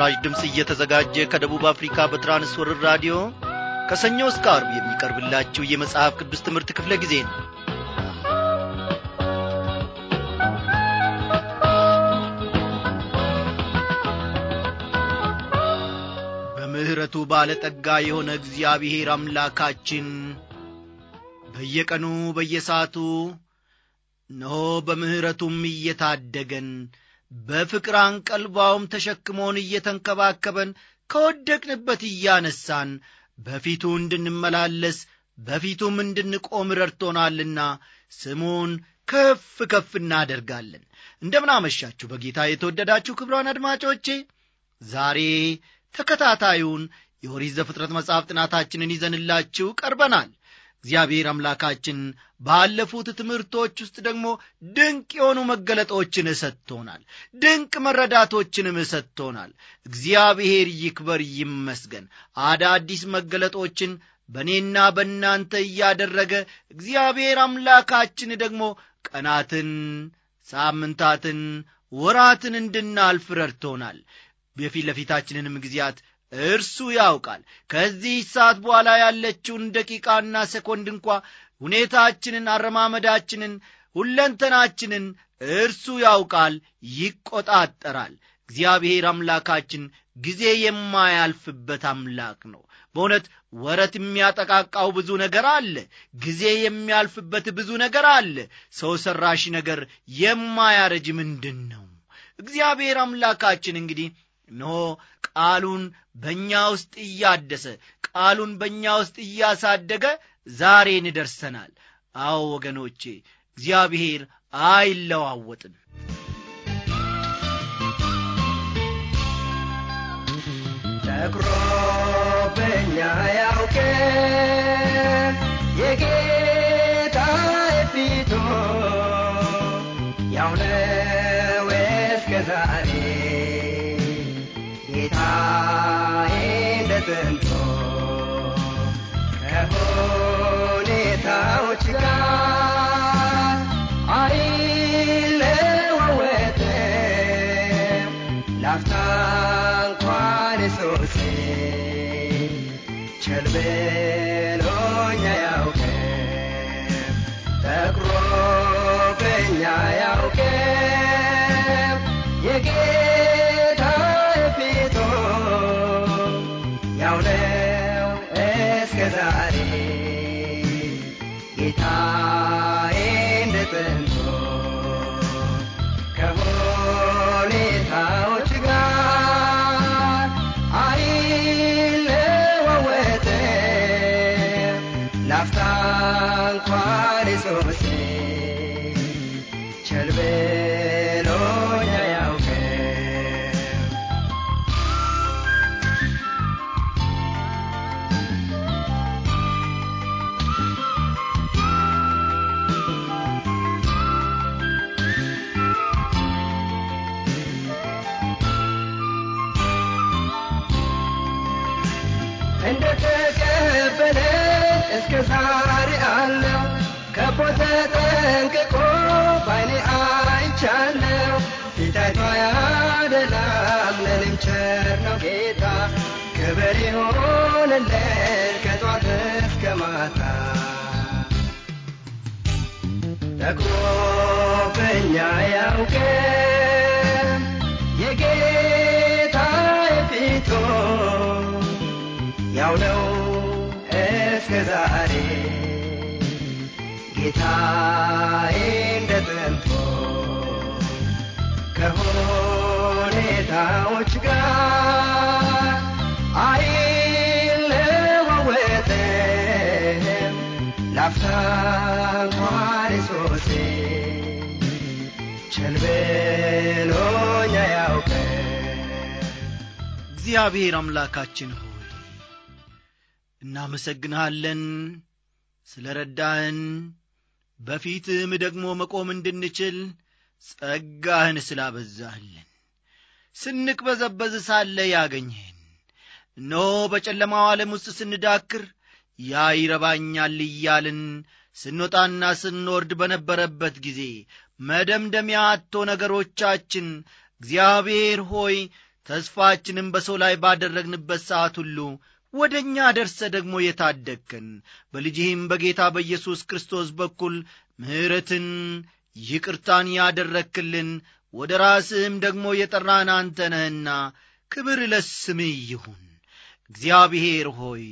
ለምሥራች ድምፅ እየተዘጋጀ ከደቡብ አፍሪካ በትራንስወርር ራዲዮ ከሰኞ እስከ አርብ የሚቀርብላችሁ የመጽሐፍ ቅዱስ ትምህርት ክፍለ ጊዜ ነው። በምሕረቱ ባለጠጋ የሆነ እግዚአብሔር አምላካችን በየቀኑ በየሰዓቱ እነሆ በምሕረቱም እየታደገን በፍቅር አንቀልባውም ተሸክሞን እየተንከባከበን ከወደቅንበት እያነሳን በፊቱ እንድንመላለስ በፊቱም እንድንቆም ረድቶናልና ስሙን ከፍ ከፍ እናደርጋለን። እንደምናመሻችሁ በጌታ የተወደዳችሁ ክብሯን አድማጮቼ፣ ዛሬ ተከታታዩን የኦሪት ዘፍጥረት መጽሐፍ ጥናታችንን ይዘንላችሁ ቀርበናል። እግዚአብሔር አምላካችን ባለፉት ትምህርቶች ውስጥ ደግሞ ድንቅ የሆኑ መገለጦችን እሰጥቶናል። ድንቅ መረዳቶችንም እሰጥቶናል። እግዚአብሔር ይክበር ይመስገን። አዳዲስ መገለጦችን በእኔና በእናንተ እያደረገ እግዚአብሔር አምላካችን ደግሞ ቀናትን፣ ሳምንታትን፣ ወራትን እንድናልፍ ረድቶናል። የፊት ለፊታችንንም ጊዜያት እርሱ ያውቃል። ከዚህ ሰዓት በኋላ ያለችውን ደቂቃና ሰኮንድ እንኳ ሁኔታችንን፣ አረማመዳችንን፣ ሁለንተናችንን እርሱ ያውቃል፣ ይቆጣጠራል። እግዚአብሔር አምላካችን ጊዜ የማያልፍበት አምላክ ነው። በእውነት ወረት የሚያጠቃቃው ብዙ ነገር አለ። ጊዜ የሚያልፍበት ብዙ ነገር አለ። ሰው ሠራሽ ነገር የማያረጅ ምንድን ነው? እግዚአብሔር አምላካችን እንግዲህ እነሆ ቃሉን በእኛ ውስጥ እያደሰ ቃሉን በእኛ ውስጥ እያሳደገ ዛሬን ደርሰናል። አዎ ወገኖቼ፣ እግዚአብሔር አይለዋወጥም። ሰክሮ በኛ ኢየሱስ ቸልበሎኛ እንደ እስከ ዛሬ አለ ከቦ ተጠንቅቆ ባይኔ አይቻለው ፊታይቶ ያደላም ለንም ቸር ነው ጌታ ክብር ይሆንልን ከጧት እስከ ማታ ጠቅሞ በእኛ ያውቀን ዛሬ ጌታዬ እንደ ጥንቶ ከሁኔታዎች ጋር አይለዋወጥም ላፍታ እግዚአብሔር አምላካችን ሆ እናመሰግንሃለን ስለ ረዳህን በፊትህም ደግሞ መቆም እንድንችል ጸጋህን ስላበዛህልን ስንቅበዘበዝ ሳለ ያገኘህን ኖ በጨለማው ዓለም ውስጥ ስንዳክር ያ ይረባኛል እያልን ስንወጣና ስንወርድ በነበረበት ጊዜ መደምደሚያ አቶ ነገሮቻችን እግዚአብሔር ሆይ ተስፋችንም በሰው ላይ ባደረግንበት ሰዓት ሁሉ ወደ እኛ ደርሰ ደግሞ የታደግከን በልጅህም በጌታ በኢየሱስ ክርስቶስ በኩል ምሕረትን ይቅርታን ያደረክልን ወደ ራስህም ደግሞ የጠራን አንተ ነህና ክብር ለስምህ ይሁን። እግዚአብሔር ሆይ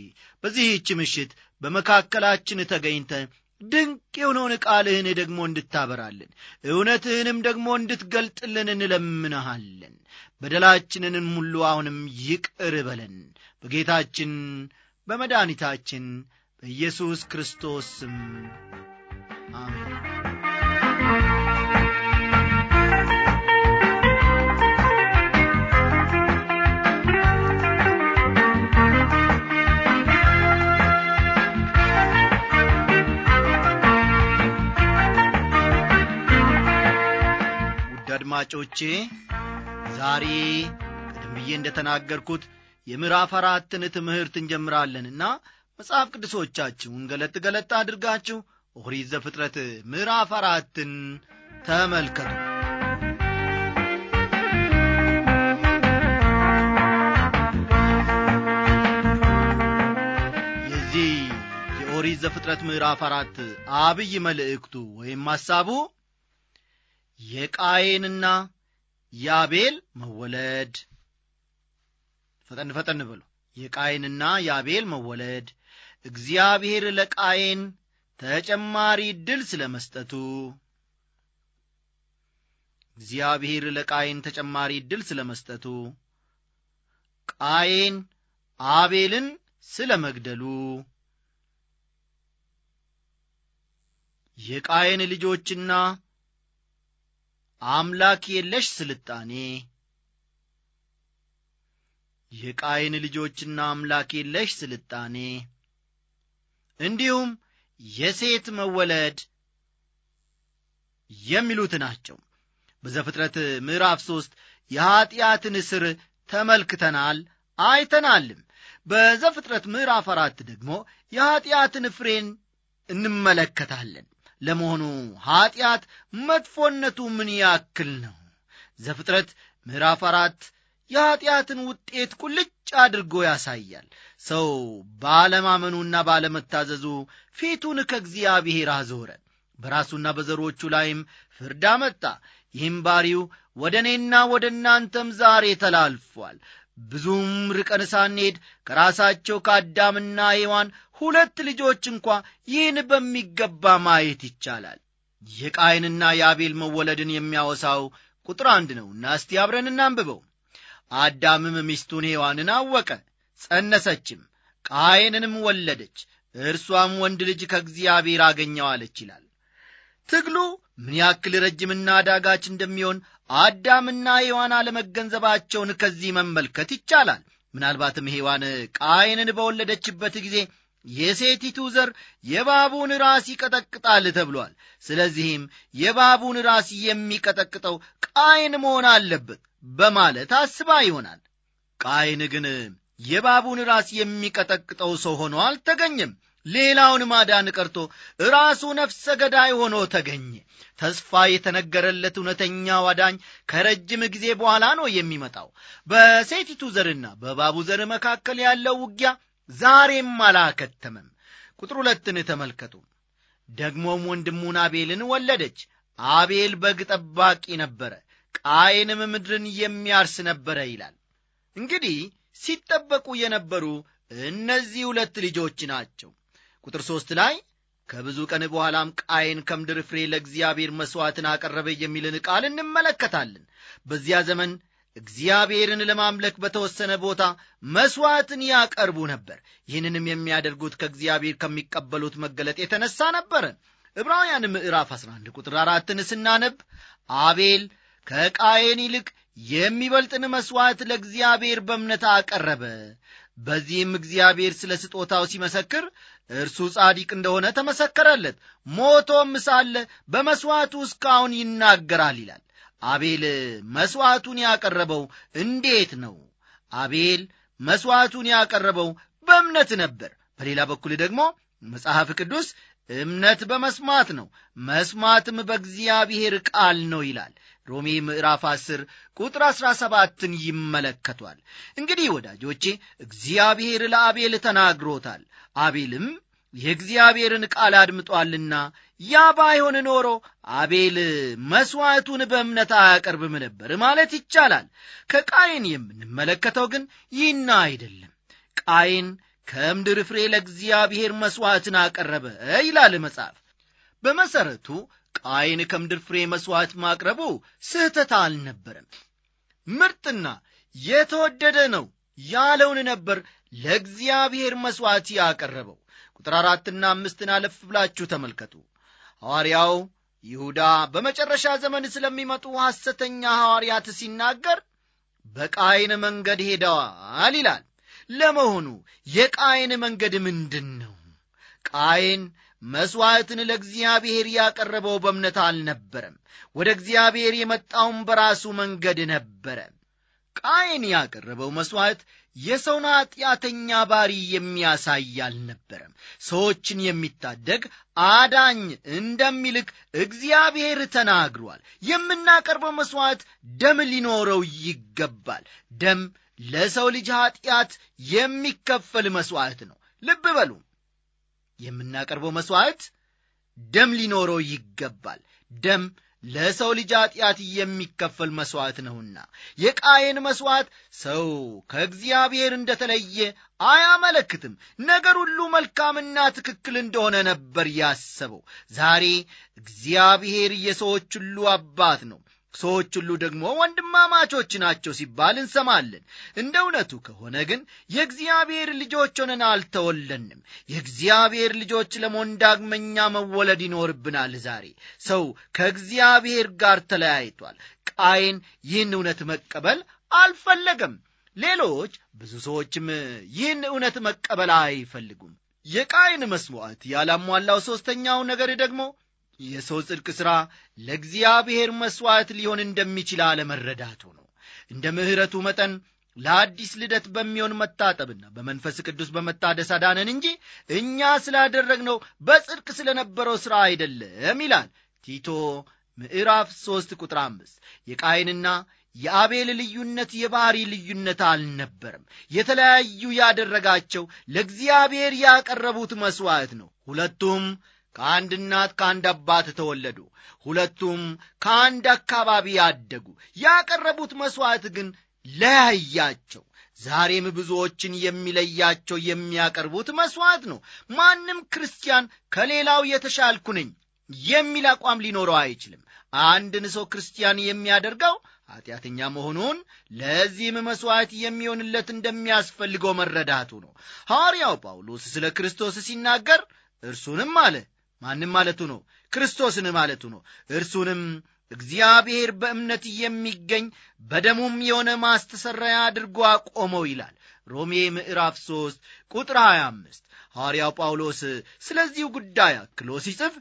በዚህች ምሽት በመካከላችን ተገኝተ ድንቅ የሆነውን ቃልህን ደግሞ እንድታበራልን እውነትህንም ደግሞ እንድትገልጥልን እንለምንሃለን በደላችንንም ሁሉ አሁንም ይቅር በለን በጌታችን በመድኃኒታችን በኢየሱስ ክርስቶስ ስም አሜን አድማጮቼ ዛሬ ቀደም ብዬ እንደተናገርኩት የምዕራፍ አራትን ትምህርት እንጀምራለንና መጽሐፍ ቅዱሶቻችሁን ገለጥ ገለጥ አድርጋችሁ ኦሪት ዘፍጥረት ምዕራፍ አራትን ተመልከቱ የዚህ የኦሪት ዘፍጥረት ምዕራፍ አራት አብይ መልእክቱ ወይም ሐሳቡ የቃየንና የአቤል መወለድ ፈጠን ፈጠን ብሎ የቃየንና የአቤል መወለድ እግዚአብሔር ለቃየን ተጨማሪ ድል ስለ መስጠቱ እግዚአብሔር ለቃየን ተጨማሪ ድል ስለ መስጠቱ ቃየን አቤልን ስለ መግደሉ የቃየን ልጆችና አምላክ የለሽ ስልጣኔ የቃይን ልጆችና አምላክ የለሽ ስልጣኔ እንዲሁም የሴት መወለድ የሚሉት ናቸው በዘፍጥረት ምዕራፍ ሦስት የኀጢአትን እስር ተመልክተናል አይተናልም በዘፍጥረት ምዕራፍ አራት ደግሞ የኀጢአትን ፍሬን እንመለከታለን ለመሆኑ ኀጢአት መጥፎነቱ ምን ያክል ነው? ዘፍጥረት ምዕራፍ አራት የኀጢአትን ውጤት ቁልጭ አድርጎ ያሳያል። ሰው ባለማመኑና ባለመታዘዙ ፊቱን ከእግዚአብሔር አዞረ፣ በራሱና በዘሮቹ ላይም ፍርድ አመጣ። ይህም ባሪው ወደ እኔና ወደ እናንተም ዛሬ ተላልፏል። ብዙም ርቀን ሳንሄድ ከራሳቸው ከአዳምና ሔዋን ሁለት ልጆች እንኳ ይህን በሚገባ ማየት ይቻላል። የቃይንና የአቤል መወለድን የሚያወሳው ቁጥር አንድ ነውና እስቲ አብረን እናንብበው። አዳምም ሚስቱን ሔዋንን አወቀ፣ ጸነሰችም፣ ቃይንንም ወለደች። እርሷም ወንድ ልጅ ከእግዚአብሔር አገኘዋለች ይላል። ትግሉ ምን ያክል ረጅምና አዳጋች እንደሚሆን አዳምና ሔዋን አለመገንዘባቸውን ከዚህ መመልከት ይቻላል ምናልባትም ሔዋን ቃይንን በወለደችበት ጊዜ የሴቲቱ ዘር የባቡን ራስ ይቀጠቅጣል ተብሏል ስለዚህም የባቡን ራስ የሚቀጠቅጠው ቃይን መሆን አለበት በማለት አስባ ይሆናል ቃይን ግን የባቡን ራስ የሚቀጠቅጠው ሰው ሆኖ አልተገኘም ሌላውን ማዳን ቀርቶ ራሱ ነፍሰ ገዳይ ሆኖ ተገኘ። ተስፋ የተነገረለት እውነተኛ ዋዳኝ ከረጅም ጊዜ በኋላ ነው የሚመጣው። በሴቲቱ ዘርና በባቡ ዘር መካከል ያለው ውጊያ ዛሬም አላከተመም። ቁጥር ሁለትን ተመልከቱ። ደግሞም ወንድሙን አቤልን ወለደች። አቤል በግ ጠባቂ ነበረ፣ ቃየንም ምድርን የሚያርስ ነበረ ይላል። እንግዲህ ሲጠበቁ የነበሩ እነዚህ ሁለት ልጆች ናቸው። ቁጥር ሦስት ላይ ከብዙ ቀን በኋላም ቃየን ከምድር ፍሬ ለእግዚአብሔር መሥዋዕትን አቀረበ የሚልን ቃል እንመለከታለን። በዚያ ዘመን እግዚአብሔርን ለማምለክ በተወሰነ ቦታ መሥዋዕትን ያቀርቡ ነበር። ይህንንም የሚያደርጉት ከእግዚአብሔር ከሚቀበሉት መገለጥ የተነሳ ነበረ። ዕብራውያን ምዕራፍ 11 ቁጥር አራትን ስናነብ አቤል ከቃየን ይልቅ የሚበልጥን መሥዋዕት ለእግዚአብሔር በእምነት አቀረበ በዚህም እግዚአብሔር ስለ ስጦታው ሲመሰክር እርሱ ጻዲቅ እንደሆነ ተመሰከረለት፣ ሞቶም ሳለ በመሥዋዕቱ እስካሁን ይናገራል ይላል። አቤል መሥዋዕቱን ያቀረበው እንዴት ነው? አቤል መሥዋዕቱን ያቀረበው በእምነት ነበር። በሌላ በኩል ደግሞ መጽሐፍ ቅዱስ እምነት በመስማት ነው፣ መስማትም በእግዚአብሔር ቃል ነው ይላል። ሮሜ ምዕራፍ 10 ቁጥር 17ን ይመለከቷል። እንግዲህ ወዳጆቼ እግዚአብሔር ለአቤል ተናግሮታል። አቤልም የእግዚአብሔርን ቃል አድምጧልና ያ ባይሆን ኖሮ አቤል መሥዋዕቱን በእምነት አያቀርብም ነበር ማለት ይቻላል። ከቃይን የምንመለከተው ግን ይህና አይደለም። ቃይን ከምድር ፍሬ ለእግዚአብሔር መሥዋዕትን አቀረበ ይላል መጽሐፍ። በመሠረቱ ቃይን ከምድር ፍሬ መሥዋዕት ማቅረቡ ስህተት አልነበረም። ምርጥና የተወደደ ነው ያለውን ነበር ለእግዚአብሔር መሥዋዕት ያቀረበው። ቁጥር አራትና አምስትን አለፍ ብላችሁ ተመልከቱ። ሐዋርያው ይሁዳ በመጨረሻ ዘመን ስለሚመጡ ሐሰተኛ ሐዋርያት ሲናገር በቃይን መንገድ ሄደዋል ይላል። ለመሆኑ የቃየን መንገድ ምንድን ነው? ቃየን መሥዋዕትን ለእግዚአብሔር ያቀረበው በእምነት አልነበረም። ወደ እግዚአብሔር የመጣውም በራሱ መንገድ ነበረ። ቃየን ያቀረበው መሥዋዕት የሰውን ኀጢአተኛ ባሪ የሚያሳይ አልነበረም። ሰዎችን የሚታደግ አዳኝ እንደሚልክ እግዚአብሔር ተናግሯል። የምናቀርበው መሥዋዕት ደም ሊኖረው ይገባል። ደም ለሰው ልጅ ኀጢአት የሚከፈል መሥዋዕት ነው። ልብ በሉ፣ የምናቀርበው መሥዋዕት ደም ሊኖረው ይገባል። ደም ለሰው ልጅ ኀጢአት የሚከፈል መሥዋዕት ነውና የቃየን መሥዋዕት ሰው ከእግዚአብሔር እንደተለየ አያመለክትም። ነገር ሁሉ መልካምና ትክክል እንደሆነ ነበር ያሰበው። ዛሬ እግዚአብሔር የሰዎች ሁሉ አባት ነው። ሰዎች ሁሉ ደግሞ ወንድማማቾች ናቸው ሲባል እንሰማለን። እንደ እውነቱ ከሆነ ግን የእግዚአብሔር ልጆች ሆነን አልተወለንም። የእግዚአብሔር ልጆች ለመሆን ዳግመኛ መወለድ ይኖርብናል። ዛሬ ሰው ከእግዚአብሔር ጋር ተለያይቷል። ቃይን ይህን እውነት መቀበል አልፈለገም። ሌሎች ብዙ ሰዎችም ይህን እውነት መቀበል አይፈልጉም። የቃይን መስዋዕት ያላሟላው ሦስተኛው ነገር ደግሞ የሰው ጽድቅ ሥራ ለእግዚአብሔር መሥዋዕት ሊሆን እንደሚችል አለመረዳቱ ነው። እንደ ምሕረቱ መጠን ለአዲስ ልደት በሚሆን መታጠብና በመንፈስ ቅዱስ በመታደስ አዳነን እንጂ እኛ ስላደረግነው በጽድቅ ስለነበረው ሥራ አይደለም ይላል ቲቶ ምዕራፍ 3 ቁጥር 5 የቃይንና የአቤል ልዩነት የባሕሪ ልዩነት አልነበረም። የተለያዩ ያደረጋቸው ለእግዚአብሔር ያቀረቡት መሥዋዕት ነው። ሁለቱም ከአንድ እናት ከአንድ አባት ተወለዱ። ሁለቱም ከአንድ አካባቢ ያደጉ። ያቀረቡት መሥዋዕት ግን ለያያቸው። ዛሬም ብዙዎችን የሚለያቸው የሚያቀርቡት መሥዋዕት ነው። ማንም ክርስቲያን ከሌላው የተሻልኩ ነኝ የሚል አቋም ሊኖረው አይችልም። አንድን ሰው ክርስቲያን የሚያደርገው ኀጢአተኛ መሆኑን ለዚህም መሥዋዕት የሚሆንለት እንደሚያስፈልገው መረዳቱ ነው። ሐዋርያው ጳውሎስ ስለ ክርስቶስ ሲናገር እርሱንም አለ ማንም ማለቱ ነው ክርስቶስን ማለቱ ነው እርሱንም እግዚአብሔር በእምነት የሚገኝ በደሙም የሆነ ማስተሰረያ አድርጎ አቆመው ይላል ሮሜ ምዕራፍ 3 ቁጥር 25 ሐዋርያው ጳውሎስ ስለዚሁ ጉዳይ አክሎ ሲጽፍ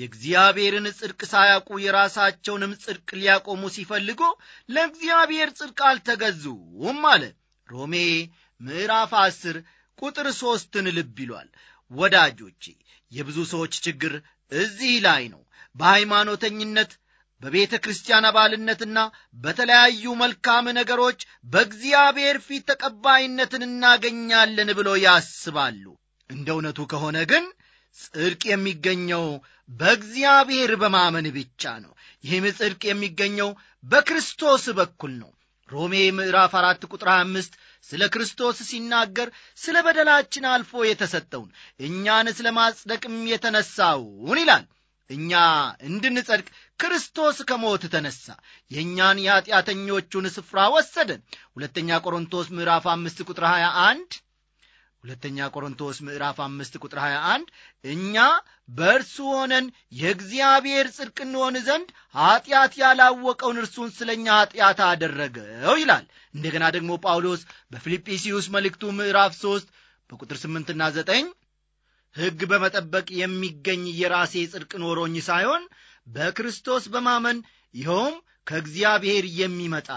የእግዚአብሔርን ጽድቅ ሳያውቁ የራሳቸውንም ጽድቅ ሊያቆሙ ሲፈልጉ ለእግዚአብሔር ጽድቅ አልተገዙም አለ ሮሜ ምዕራፍ 10 ቁጥር ሦስትን ልብ ይሏል ወዳጆቼ የብዙ ሰዎች ችግር እዚህ ላይ ነው። በሃይማኖተኝነት በቤተ ክርስቲያን አባልነትና በተለያዩ መልካም ነገሮች በእግዚአብሔር ፊት ተቀባይነትን እናገኛለን ብለው ያስባሉ። እንደ እውነቱ ከሆነ ግን ጽድቅ የሚገኘው በእግዚአብሔር በማመን ብቻ ነው። ይህም ጽድቅ የሚገኘው በክርስቶስ በኩል ነው። ሮሜ ምዕራፍ 4 ቁጥር አምስት ስለ ክርስቶስ ሲናገር ስለ በደላችን አልፎ የተሰጠውን እኛን ስለ ማጽደቅም የተነሳውን ይላል። እኛ እንድንጸድቅ ክርስቶስ ከሞት ተነሣ፣ የእኛን የኀጢአተኞቹን ስፍራ ወሰደን። ሁለተኛ ቆሮንቶስ ምዕራፍ አምስት ቁጥር 21 ሁለተኛ ቆሮንቶስ ምዕራፍ አምስት ቁጥር 21 እኛ በእርሱ ሆነን የእግዚአብሔር ጽድቅ እንሆን ዘንድ ኀጢአት ያላወቀውን እርሱን ስለ እኛ ኀጢአት አደረገው ይላል። እንደገና ደግሞ ጳውሎስ በፊልጵስዩስ መልእክቱ ምዕራፍ 3 በቁጥር 8 እና 9 ሕግ በመጠበቅ የሚገኝ የራሴ ጽድቅ ኖሮኝ ሳይሆን በክርስቶስ በማመን ይኸውም ከእግዚአብሔር የሚመጣ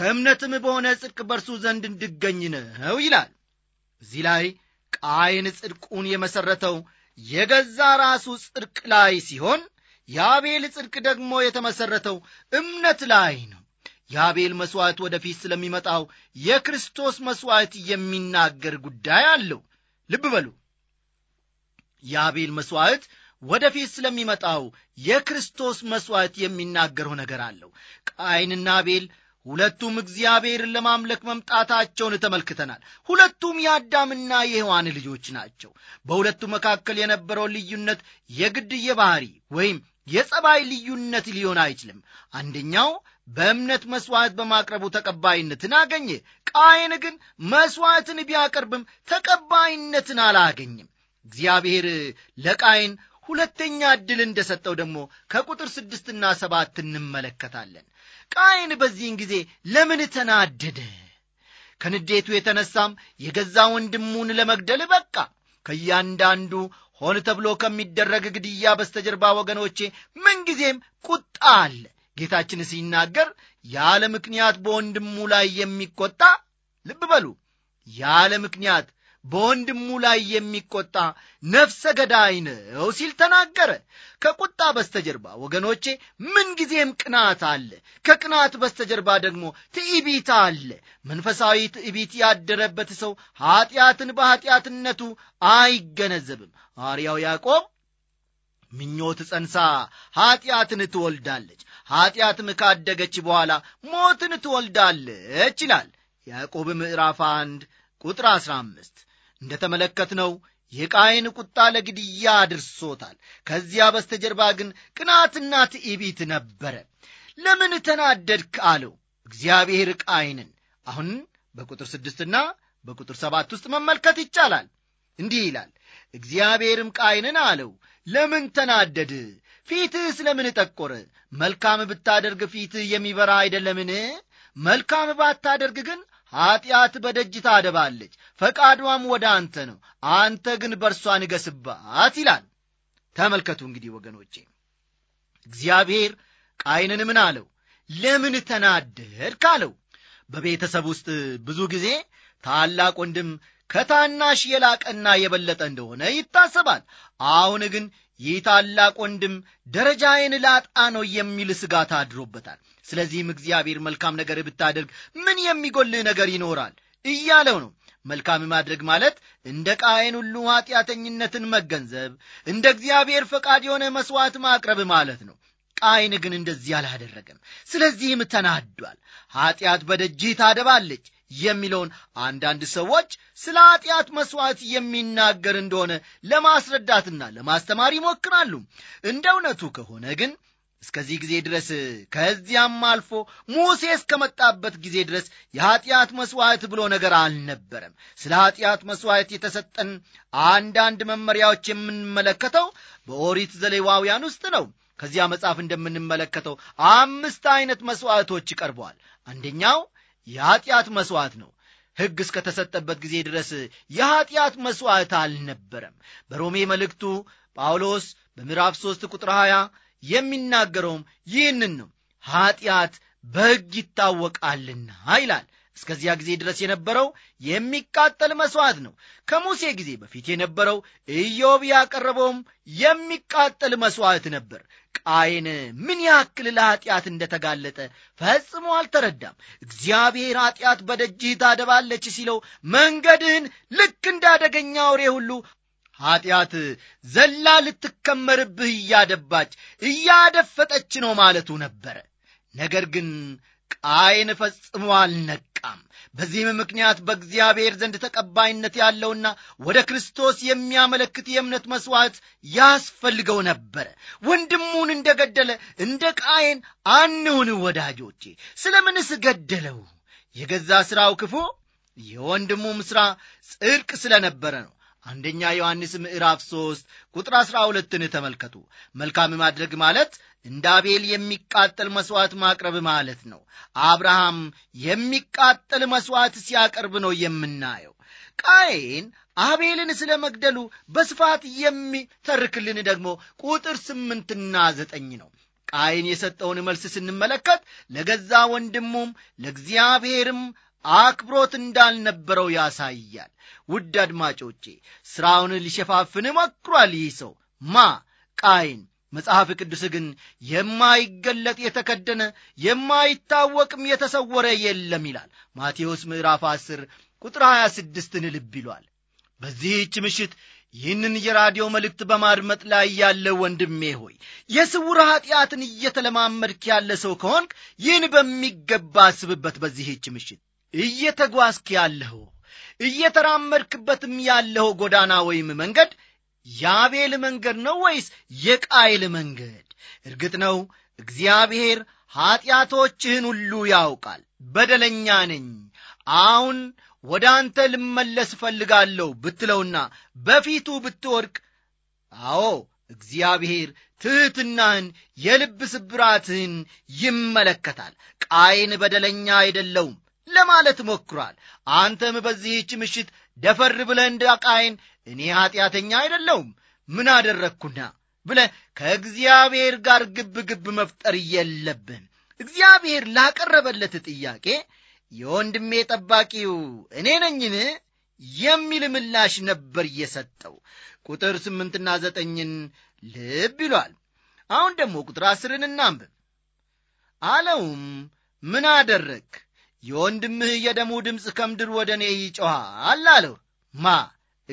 ከእምነትም በሆነ ጽድቅ በእርሱ ዘንድ እንድገኝ ነው ይላል። እዚህ ላይ ቃይን ጽድቁን የመሠረተው የገዛ ራሱ ጽድቅ ላይ ሲሆን የአቤል ጽድቅ ደግሞ የተመሠረተው እምነት ላይ ነው። የአቤል መሥዋዕት ወደፊት ስለሚመጣው የክርስቶስ መሥዋዕት የሚናገር ጉዳይ አለው። ልብ በሉ። የአቤል መሥዋዕት ወደፊት ስለሚመጣው የክርስቶስ መሥዋዕት የሚናገረው ነገር አለው። ቃይንና አቤል ሁለቱም እግዚአብሔርን ለማምለክ መምጣታቸውን ተመልክተናል። ሁለቱም የአዳምና የሔዋን ልጆች ናቸው። በሁለቱ መካከል የነበረው ልዩነት የግድ የባህሪ ወይም የጸባይ ልዩነት ሊሆን አይችልም። አንደኛው በእምነት መሥዋዕት በማቅረቡ ተቀባይነትን አገኘ። ቃየን ግን መሥዋዕትን ቢያቀርብም ተቀባይነትን አላገኝም። እግዚአብሔር ለቃይን ሁለተኛ ዕድል እንደሰጠው ደግሞ ከቁጥር ስድስትና ሰባት እንመለከታለን። ቃይን በዚህን ጊዜ ለምን ተናደደ? ከንዴቱ የተነሳም የገዛ ወንድሙን ለመግደል በቃ። ከእያንዳንዱ ሆን ተብሎ ከሚደረግ ግድያ በስተጀርባ ወገኖቼ ምንጊዜም ቁጣ አለ። ጌታችን ሲናገር ያለ ምክንያት በወንድሙ ላይ የሚቆጣ ልብ በሉ፣ ያለ ምክንያት በወንድሙ ላይ የሚቆጣ ነፍሰ ገዳይ ነው ሲል ተናገረ። ከቁጣ በስተጀርባ ወገኖቼ ምንጊዜም ቅናት አለ። ከቅናት በስተጀርባ ደግሞ ትዕቢት አለ። መንፈሳዊ ትዕቢት ያደረበት ሰው ኀጢአትን በኀጢአትነቱ አይገነዘብም። አርያው ያዕቆብ ምኞት ጸንሳ ኀጢአትን ትወልዳለች፣ ኀጢአትም ካደገች በኋላ ሞትን ትወልዳለች ይላል ያዕቆብ ምዕራፍ አንድ ቁጥር 15 እንደ ነው የቃይን ቁጣ ለግድያ አድርሶታል። ከዚያ በስተጀርባ ግን ቅናትና ትዕቢት ነበረ። ለምን ተናደድክ አለው እግዚአብሔር ቃይንን። አሁን በቁጥር ስድስትና በቁጥር ሰባት ውስጥ መመልከት ይቻላል። እንዲህ ይላል፣ እግዚአብሔርም ቃይንን አለው ለምን ተናደድ? ፊትህ ስለምን ጠቆረ? መልካም ብታደርግ ፊትህ የሚበራ አይደለምን? መልካም ባታደርግ ግን ኀጢአት በደጅ ታደባለች፣ ፈቃዷም ወደ አንተ ነው፣ አንተ ግን በእርሷ ንገስባት ይላል። ተመልከቱ እንግዲህ ወገኖቼ፣ እግዚአብሔር ቃይንን ምን አለው? ለምን ተናደድክ አለው። በቤተሰብ ውስጥ ብዙ ጊዜ ታላቅ ወንድም ከታናሽ የላቀና የበለጠ እንደሆነ ይታሰባል። አሁን ግን ይህ ታላቅ ወንድም ደረጃዬን ላጣ ነው የሚል ስጋት አድሮበታል። ስለዚህም እግዚአብሔር መልካም ነገር ብታደርግ ምን የሚጎልህ ነገር ይኖራል እያለው ነው መልካም ማድረግ ማለት እንደ ቃየን ሁሉ ኀጢአተኝነትን መገንዘብ እንደ እግዚአብሔር ፈቃድ የሆነ መሥዋዕት ማቅረብ ማለት ነው ቃይን ግን እንደዚህ አላደረገም ስለዚህም ተናዷል ኀጢአት በደጅህ ታደባለች የሚለውን አንዳንድ ሰዎች ስለ ኀጢአት መሥዋዕት የሚናገር እንደሆነ ለማስረዳትና ለማስተማር ይሞክራሉ እንደ እውነቱ ከሆነ ግን እስከዚህ ጊዜ ድረስ ከዚያም አልፎ ሙሴ እስከመጣበት ጊዜ ድረስ የኀጢአት መሥዋዕት ብሎ ነገር አልነበረም። ስለ ኀጢአት መሥዋዕት የተሰጠን አንዳንድ መመሪያዎች የምንመለከተው በኦሪት ዘሌዋውያን ውስጥ ነው። ከዚያ መጽሐፍ እንደምንመለከተው አምስት ዐይነት መሥዋዕቶች ቀርበዋል። አንደኛው የኀጢአት መሥዋዕት ነው። ሕግ እስከተሰጠበት ጊዜ ድረስ የኀጢአት መሥዋዕት አልነበረም። በሮሜ መልእክቱ ጳውሎስ በምዕራፍ 3 ቁጥር 20 የሚናገረውም ይህንን ነው ኀጢአት በሕግ ይታወቃልና ይላል እስከዚያ ጊዜ ድረስ የነበረው የሚቃጠል መሥዋዕት ነው ከሙሴ ጊዜ በፊት የነበረው ኢዮብ ያቀረበውም የሚቃጠል መሥዋዕት ነበር ቃይን ምን ያክል ለኀጢአት እንደተጋለጠ ፈጽሞ አልተረዳም እግዚአብሔር ኀጢአት በደጅህ ታደባለች ሲለው መንገድህን ልክ እንዳደገኛ አውሬ ሁሉ ኀጢአት ዘላ ልትከመርብህ እያደባች እያደፈጠች ነው ማለቱ ነበረ። ነገር ግን ቃየን ፈጽሞ አልነቃም። በዚህም ምክንያት በእግዚአብሔር ዘንድ ተቀባይነት ያለውና ወደ ክርስቶስ የሚያመለክት የእምነት መሥዋዕት ያስፈልገው ነበረ። ወንድሙን እንደ ገደለ እንደ ቃየን አንሁን ወዳጆቼ። ምንስ ገደለው? የገዛ ሥራው ክፉ፣ የወንድሙም ሥራ ጽድቅ ስለነበረ ነው። አንደኛ ዮሐንስ ምዕራፍ 3 ቁጥር 12ን ተመልከቱ። መልካም ማድረግ ማለት እንደ አቤል የሚቃጠል መሥዋዕት ማቅረብ ማለት ነው። አብርሃም የሚቃጠል መሥዋዕት ሲያቀርብ ነው የምናየው። ቃየን አቤልን ስለ መግደሉ በስፋት የሚተርክልን ደግሞ ቁጥር ስምንትና ዘጠኝ ነው። ቃየን የሰጠውን መልስ ስንመለከት ለገዛ ወንድሙም ለእግዚአብሔርም አክብሮት እንዳልነበረው ያሳያል። ውድ አድማጮቼ ሥራውን ሊሸፋፍን ሞክሯል። ይህ ሰው ማ ቃይን። መጽሐፍ ቅዱስ ግን የማይገለጥ የተከደነ የማይታወቅም የተሰወረ የለም ይላል። ማቴዎስ ምዕራፍ 10 ቁጥር 26ን ልብ ይሏል። በዚህች ምሽት ይህንን የራዲዮ መልእክት በማድመጥ ላይ ያለ ወንድሜ ሆይ የስውር ኀጢአትን እየተለማመድክ ያለ ሰው ከሆንክ ይህን በሚገባ አስብበት። በዚህች ምሽት እየተጓዝክ ያለኸው እየተራመድክበትም ያለው ጎዳና ወይም መንገድ የአቤል መንገድ ነው ወይስ የቃይል መንገድ? እርግጥ ነው እግዚአብሔር ኀጢአቶችህን ሁሉ ያውቃል። በደለኛ ነኝ፣ አሁን ወደ አንተ ልመለስ እፈልጋለሁ ብትለውና በፊቱ ብትወድቅ፣ አዎ እግዚአብሔር ትሕትናህን፣ የልብ ስብራትህን ይመለከታል። ቃይን በደለኛ አይደለውም። ለማለት ሞክሯል። አንተም በዚህች ምሽት ደፈር ብለህ እንደ ቃይን እኔ ኀጢአተኛ አይደለውም። ምን አደረግኩና ብለህ ከእግዚአብሔር ጋር ግብ ግብ መፍጠር የለብን። እግዚአብሔር ላቀረበለት ጥያቄ የወንድሜ ጠባቂው እኔ ነኝን የሚል ምላሽ ነበር እየሰጠው ቁጥር ስምንትና ዘጠኝን ልብ ይሏል። አሁን ደግሞ ቁጥር አስርን እናንብብ። አለውም ምን አደረግ የወንድምህ የደሙ ድምፅ ከምድር ወደ እኔ ይጮኋል አለው ማ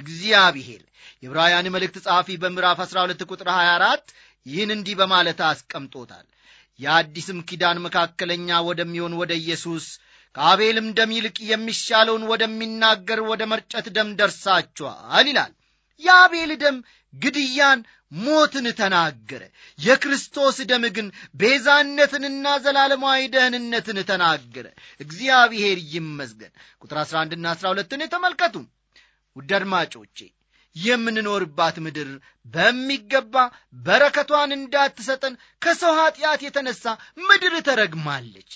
እግዚአብሔር የብራውያን መልእክት ጸሐፊ በምዕራፍ 12 ቁጥር 24 ይህን እንዲህ በማለት አስቀምጦታል የአዲስም ኪዳን መካከለኛ ወደሚሆን ወደ ኢየሱስ ከአቤልም ደም ይልቅ የሚሻለውን ወደሚናገር ወደ መርጨት ደም ደርሳችኋል ይላል የአቤል ደም ግድያን፣ ሞትን ተናገረ። የክርስቶስ ደም ግን ቤዛነትንና ዘላለማዊ ደህንነትን ተናገረ። እግዚአብሔር ይመስገን። ቁጥር 11ና 12ን ተመልከቱ። ውድ አድማጮቼ የምንኖርባት ምድር በሚገባ በረከቷን እንዳትሰጠን ከሰው ኀጢአት የተነሳ ምድር ተረግማለች።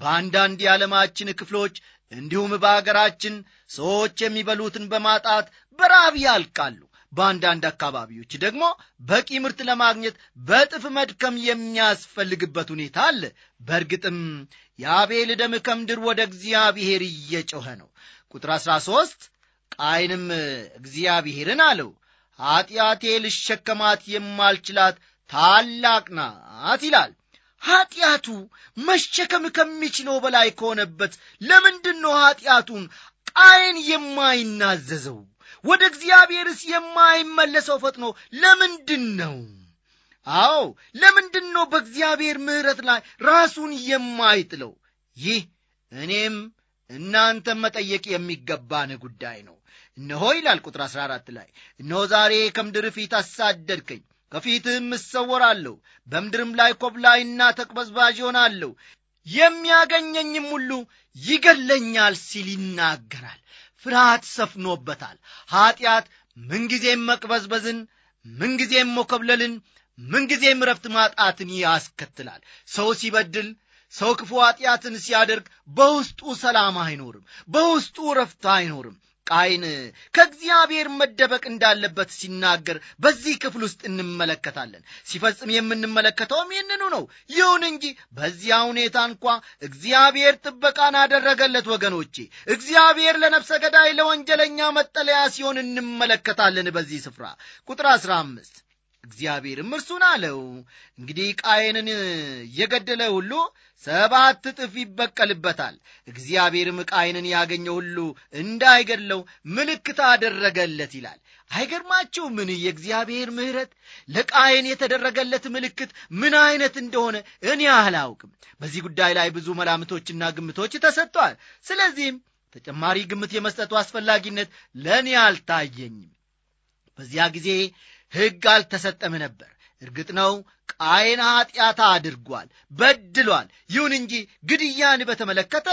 በአንዳንድ የዓለማችን ክፍሎች እንዲሁም በአገራችን ሰዎች የሚበሉትን በማጣት በራብ ያልቃሉ። በአንዳንድ አካባቢዎች ደግሞ በቂ ምርት ለማግኘት በጥፍ መድከም የሚያስፈልግበት ሁኔታ አለ። በእርግጥም የአቤል ደም ከምድር ወደ እግዚአብሔር እየጮኸ ነው። ቁጥር 13 ቃይንም እግዚአብሔርን አለው ኀጢአቴ ልሸከማት የማልችላት ታላቅ ናት ይላል። ኀጢአቱ መሸከም ከሚችለው በላይ ከሆነበት ለምንድን ነው ኀጢአቱን ቃይን የማይናዘዘው? ወደ እግዚአብሔርስ የማይመለሰው ፈጥኖ ለምንድን ነው? አዎ ለምንድን ነው በእግዚአብሔር ምሕረት ላይ ራሱን የማይጥለው? ይህ እኔም እናንተም መጠየቅ የሚገባን ጉዳይ ነው። እነሆ ይላል ቁጥር 14 ላይ እነሆ ዛሬ ከምድር ፊት አሳደድከኝ፣ ከፊትህም እሰወራለሁ፣ በምድርም ላይ ኮብላይና ተቅበዝባዥ ይሆናለሁ፣ የሚያገኘኝም ሁሉ ይገለኛል ሲል ይናገራል። ፍርሃት ሰፍኖበታል። ኀጢአት ምንጊዜም መቅበዝበዝን፣ ምንጊዜም መኮብለልን፣ ምንጊዜም እረፍት ማጣትን ያስከትላል። ሰው ሲበድል ሰው ክፉ ኃጢአትን ሲያደርግ በውስጡ ሰላም አይኖርም፣ በውስጡ እረፍት አይኖርም። ቃይን ከእግዚአብሔር መደበቅ እንዳለበት ሲናገር በዚህ ክፍል ውስጥ እንመለከታለን። ሲፈጽም የምንመለከተውም ይህንኑ ነው። ይሁን እንጂ በዚያ ሁኔታ እንኳ እግዚአብሔር ጥበቃን አደረገለት። ወገኖቼ እግዚአብሔር ለነፍሰ ገዳይ ለወንጀለኛ መጠለያ ሲሆን እንመለከታለን። በዚህ ስፍራ ቁጥር 15 እግዚአብሔርም እርሱን አለው እንግዲህ ቃየንን የገደለ ሁሉ ሰባት እጥፍ ይበቀልበታል። እግዚአብሔርም ቃየንን ያገኘ ሁሉ እንዳይገድለው ምልክት አደረገለት ይላል። አይገርማችሁ ምን የእግዚአብሔር ምሕረት ለቃየን የተደረገለት ምልክት ምን አይነት እንደሆነ እኔ አላውቅም። በዚህ ጉዳይ ላይ ብዙ መላምቶችና ግምቶች ተሰጥተዋል። ስለዚህም ተጨማሪ ግምት የመስጠቱ አስፈላጊነት ለእኔ አልታየኝም። በዚያ ጊዜ ሕግ አልተሰጠም ነበር። እርግጥ ነው ቃየን ኀጢአታ አድርጓል፣ በድሏል። ይሁን እንጂ ግድያን በተመለከተ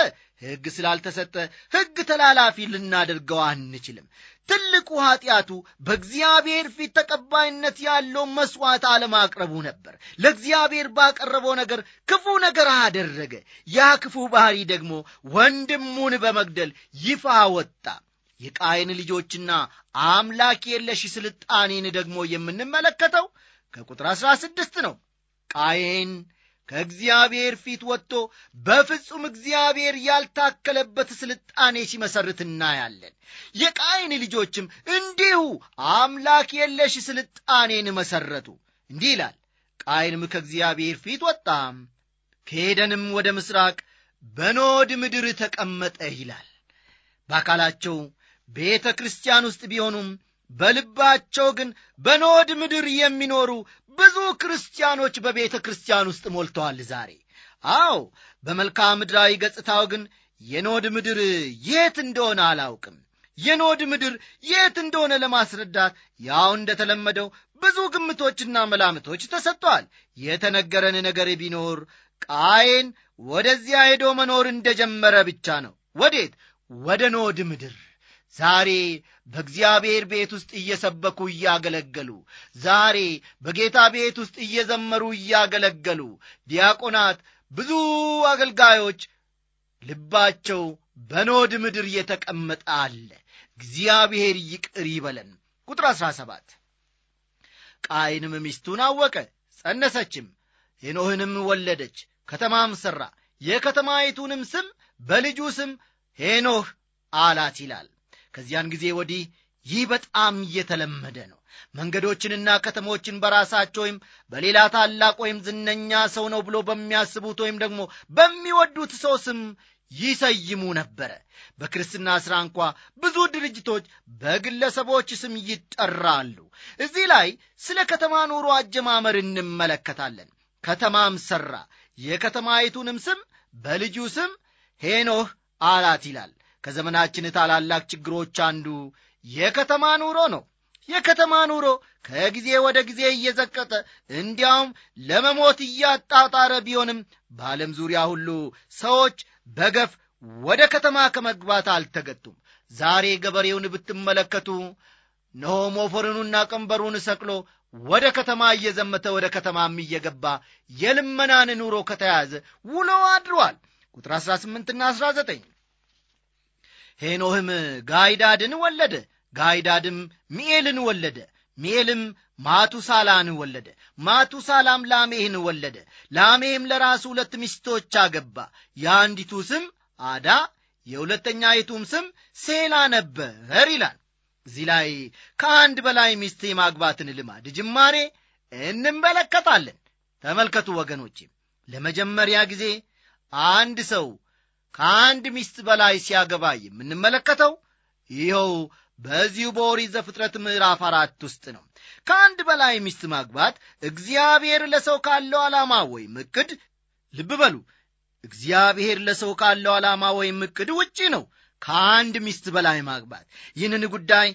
ሕግ ስላልተሰጠ ሕግ ተላላፊ ልናደርገው አንችልም። ትልቁ ኀጢአቱ በእግዚአብሔር ፊት ተቀባይነት ያለው መሥዋዕት አለማቅረቡ ነበር። ለእግዚአብሔር ባቀረበው ነገር ክፉ ነገር አደረገ። ያ ክፉ ባሕሪ ደግሞ ወንድሙን በመግደል ይፋ ወጣ። የቃይን ልጆችና አምላክ የለሽ ስልጣኔን ደግሞ የምንመለከተው ከቁጥር አሥራ ስድስት ነው ቃይን ከእግዚአብሔር ፊት ወጥቶ በፍጹም እግዚአብሔር ያልታከለበት ስልጣኔ ሲመሰርት እናያለን። የቃይን ልጆችም እንዲሁ አምላክ የለሽ ስልጣኔን መሠረቱ። እንዲህ ይላል፣ ቃይንም ከእግዚአብሔር ፊት ወጣ፣ ከሄደንም ወደ ምሥራቅ በኖድ ምድር ተቀመጠ ይላል። በአካላቸው ቤተ ክርስቲያን ውስጥ ቢሆኑም በልባቸው ግን በኖድ ምድር የሚኖሩ ብዙ ክርስቲያኖች በቤተ ክርስቲያን ውስጥ ሞልተዋል ዛሬ። አዎ በመልካ ምድራዊ ገጽታው ግን የኖድ ምድር የት እንደሆነ አላውቅም። የኖድ ምድር የት እንደሆነ ለማስረዳት ያው እንደተለመደው ብዙ ግምቶችና መላምቶች ተሰጥቷል የተነገረን ነገር ቢኖር ቃየን ወደዚያ ሄዶ መኖር እንደጀመረ ብቻ ነው። ወዴት? ወደ ኖድ ምድር ዛሬ በእግዚአብሔር ቤት ውስጥ እየሰበኩ እያገለገሉ፣ ዛሬ በጌታ ቤት ውስጥ እየዘመሩ እያገለገሉ ዲያቆናት፣ ብዙ አገልጋዮች ልባቸው በኖድ ምድር የተቀመጠ አለ። እግዚአብሔር ይቅር ይበለን። ቁጥር 17 ቃይንም ሚስቱን አወቀ፣ ጸነሰችም፣ ሄኖህንም ወለደች። ከተማም ሠራ፣ የከተማይቱንም ስም በልጁ ስም ሄኖህ አላት ይላል። ከዚያን ጊዜ ወዲህ ይህ በጣም እየተለመደ ነው። መንገዶችንና ከተሞችን በራሳቸው ወይም በሌላ ታላቅ ወይም ዝነኛ ሰው ነው ብሎ በሚያስቡት ወይም ደግሞ በሚወዱት ሰው ስም ይሰይሙ ነበረ። በክርስትና ሥራ እንኳ ብዙ ድርጅቶች በግለሰቦች ስም ይጠራሉ። እዚህ ላይ ስለ ከተማ ኑሮ አጀማመር እንመለከታለን። ከተማም ሠራ፣ የከተማይቱንም ስም በልጁ ስም ሄኖህ አላት ይላል። ከዘመናችን ታላላቅ ችግሮች አንዱ የከተማ ኑሮ ነው። የከተማ ኑሮ ከጊዜ ወደ ጊዜ እየዘቀጠ እንዲያውም ለመሞት እያጣጣረ ቢሆንም በዓለም ዙሪያ ሁሉ ሰዎች በገፍ ወደ ከተማ ከመግባት አልተገጡም ዛሬ ገበሬውን ብትመለከቱ ነሆ ሞፈርኑና ቀንበሩን ሰቅሎ ወደ ከተማ እየዘመተ ወደ ከተማም እየገባ የልመናን ኑሮ ከተያዘ ውሎ አድሯል። ቁጥር 18ና 19 ሄኖህም ጋይዳድን ወለደ። ጋይዳድም ሚኤልን ወለደ። ሚኤልም ማቱሳላን ወለደ። ማቱሳላም ላሜህን ወለደ። ላሜህም ለራሱ ሁለት ሚስቶች አገባ። የአንዲቱ ስም አዳ፣ የሁለተኛ የሁለተኛይቱም ስም ሴላ ነበር ይላል። እዚህ ላይ ከአንድ በላይ ሚስት የማግባትን ልማድ ጅማሬ እንመለከታለን። ተመልከቱ ወገኖቼ፣ ለመጀመሪያ ጊዜ አንድ ሰው ከአንድ ሚስት በላይ ሲያገባ የምንመለከተው ይኸው በዚሁ በኦሪት ዘፍጥረት ምዕራፍ አራት ውስጥ ነው። ከአንድ በላይ ሚስት ማግባት እግዚአብሔር ለሰው ካለው ዓላማ ወይም ዕቅድ ልብ በሉ፣ እግዚአብሔር ለሰው ካለው ዓላማ ወይም እቅድ ውጪ ነው። ከአንድ ሚስት በላይ ማግባት ይህንን ጉዳይ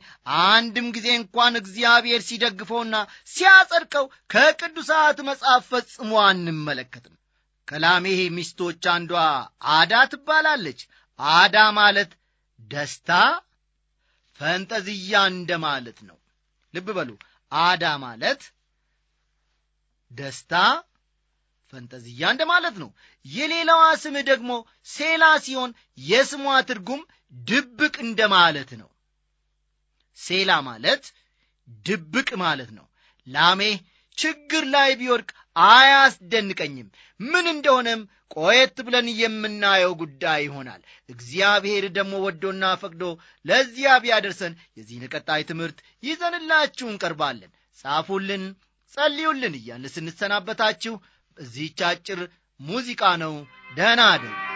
አንድም ጊዜ እንኳን እግዚአብሔር ሲደግፈውና ሲያጸድቀው ከቅዱሳት መጽሐፍ ፈጽሞ አንመለከትም። ከላሜህ ሚስቶች አንዷ አዳ ትባላለች። አዳ ማለት ደስታ፣ ፈንጠዝያ እንደ ማለት ነው። ልብ በሉ። አዳ ማለት ደስታ፣ ፈንጠዝያ እንደ ማለት ነው። የሌላዋ ስም ደግሞ ሴላ ሲሆን የስሟ ትርጉም ድብቅ እንደ ማለት ነው። ሴላ ማለት ድብቅ ማለት ነው። ላሜህ ችግር ላይ ቢወድቅ አያስደንቀኝም። ምን እንደሆነም ቆየት ብለን የምናየው ጉዳይ ይሆናል። እግዚአብሔር ደግሞ ወዶና ፈቅዶ ለዚያ ቢያደርሰን የዚህን ቀጣይ ትምህርት ይዘንላችሁ እንቀርባለን። ጻፉልን፣ ጸልዩልን እያልን ስንሰናበታችሁ እዚህች አጭር ሙዚቃ ነው። ደህና አደሩ።